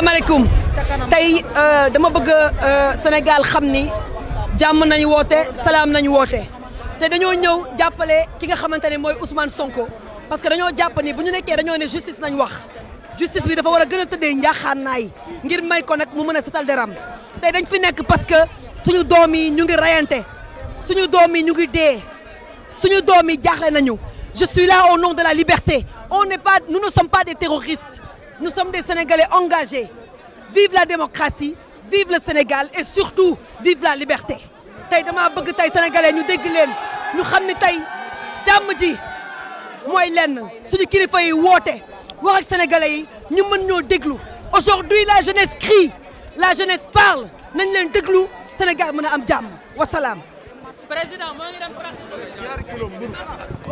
asalaamaaleykum tey euh, dama bëgg euh, Sénégal xam ni jàmm nañu Salam salaam nañu woote te dañoo ñëw jàppale ki nga xamante moy Ousmane Sonko parce que dañoo japp ni bu ñu nekkee dañoo justice nañ wax justice bi dafa wara a gën a tëddee njaaxaan ngir may ko nak mu mëna a setal deram tey dañ fi nekk parce que suñu doomi ñu ngi rayanté. suñu doomi ñu ngi dé. suñu doomi yi nañu je suis là au nom de la liberté on n'est pas nous ne sommes pas des terroristes nous sommes des Sénégalais engagés. Vive la démocratie, vive le Sénégal et surtout vive la liberté. je dama bëgg les sénégalais nous dégg Nous ñu xam ne tey jàmm ji mooy lenn suñu kilifa yi wax ak sénégalais yi ñu mën ñoo déglu aujourd'hui la jeunesse crie la jeunesse parle nous leen déglu Sénégal mën a Jam. jàmm wasalaam président ngi dem